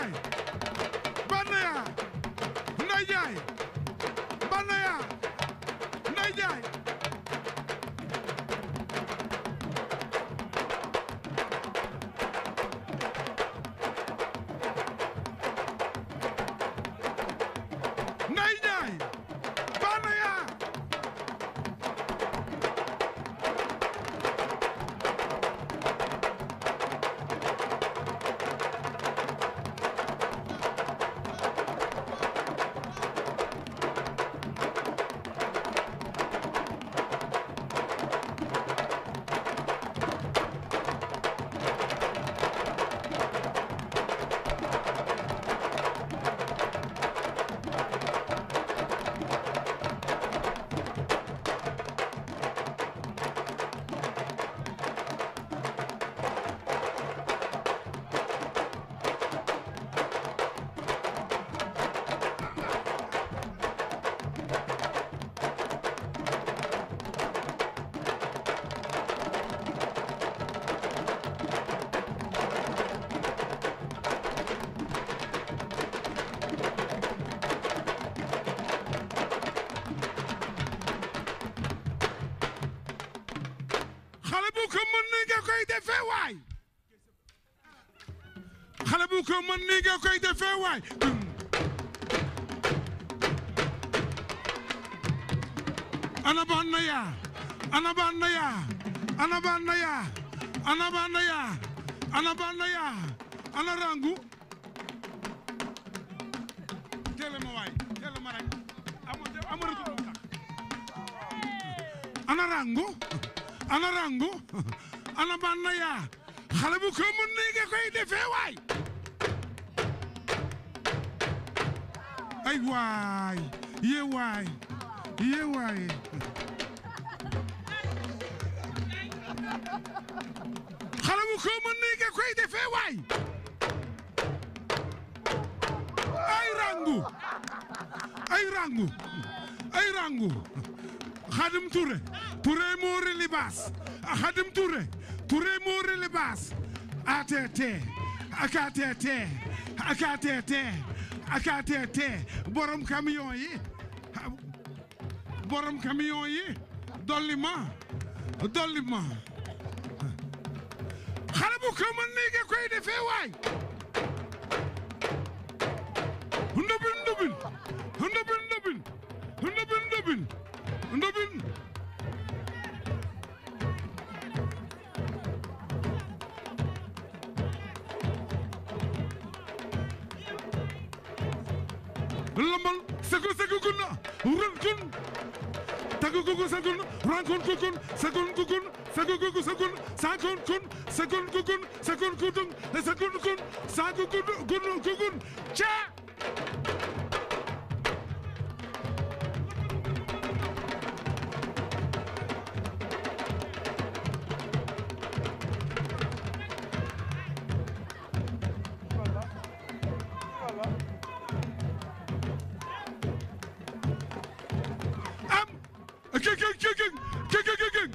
Nine. defee waay xale bu ko koy defee waay ana ba na yaa ana ba na yaa ana ba na yaa ana rangu teele ma waay teele ma rangu ana rangu ana ban yaa xale bu mën nii nga koy defee waay waay yee waay yee waay mën nii nga koy defee waay ay rangu ay rangu ay rangu xadim Touré Touré moo relibaas pour remourir les bases. ATT, AKTT, AKTT, AKTT, borom camion yi borom camion yi dolli ma dolli ma xale bu ko nii nga koy defee waay ndobin ndobin ndobin ndobin ndobin lambal sago sago gun ron gun tago gugu sagun rankon gugun sagun gugun sago gugu sagun sagon kun sagun gugun sagun gudun sagun gun sago gugun gugun gugun caa Gug, gug, gug, gug, gug, gug, gug.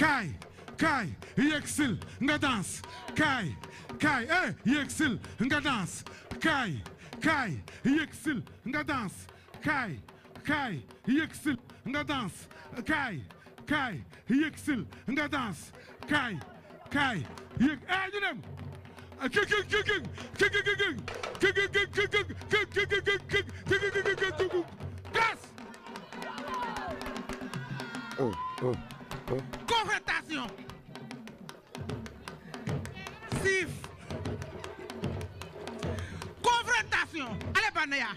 Kaay kaay yegsil nga danse kaay kaay eh yegsil nga danse kaay kaay yegsil nga danse kaay kaay yegsil nga danse kaay kaay yegsil nga danse kaay kaay yeg eh ñu dem. Gug, gug, gug, gug, gug, gug. gas concertation siif confrontation ale banaya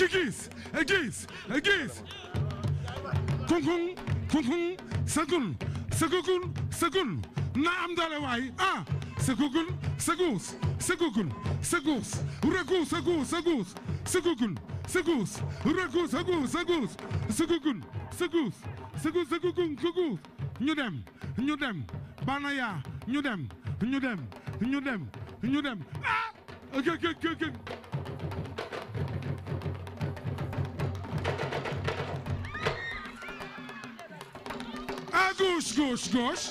kikis egis egis kunkun kunkun sagul sagugul sagul na am doole waay ah sagugul sagus sagugul sagus ragu sagu sagus sagugul sagus ragu sagu sagus sagugul sagus sagus sagugul sagus ñu dem ñu dem banaya ñu dem ñu dem ñu dem ñu dem ah gauche, gauche, gauche.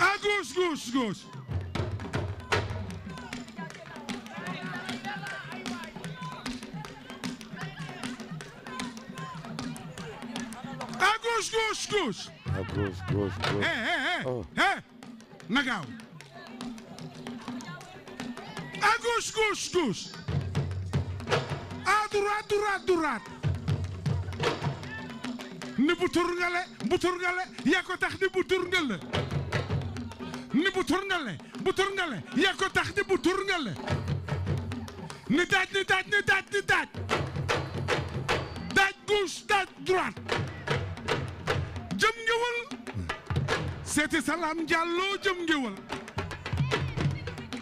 À gauche, gauche, gauche. À gauche, gauche, gauche. À gauche, gauche, gauche. Hé, hé, hé. Oh. Hé, Nagao. À gauche, gauche, gauche. droite droite droite ni bu turngale bu turngale yaa ko tax di bu turngale ni bu turngale bu turngale yaa ko tax di bu turngale ni ni daaj ni daaj ni daaj daaj gauche daaj droite jëm ngewal seeti Salam Diallo jëm ngewal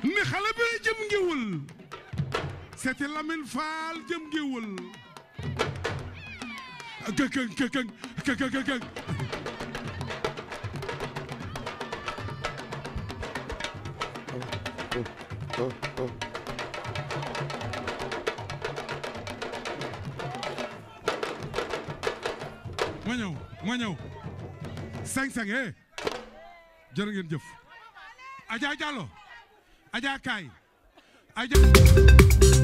ni xale bi jëm ngewal seeti Lamine Fall jëm géwël këkëŋ këkëŋ këkëŋ ma ñëw ma ñëw sañ-sañ eh jëf Adja Diallo Adja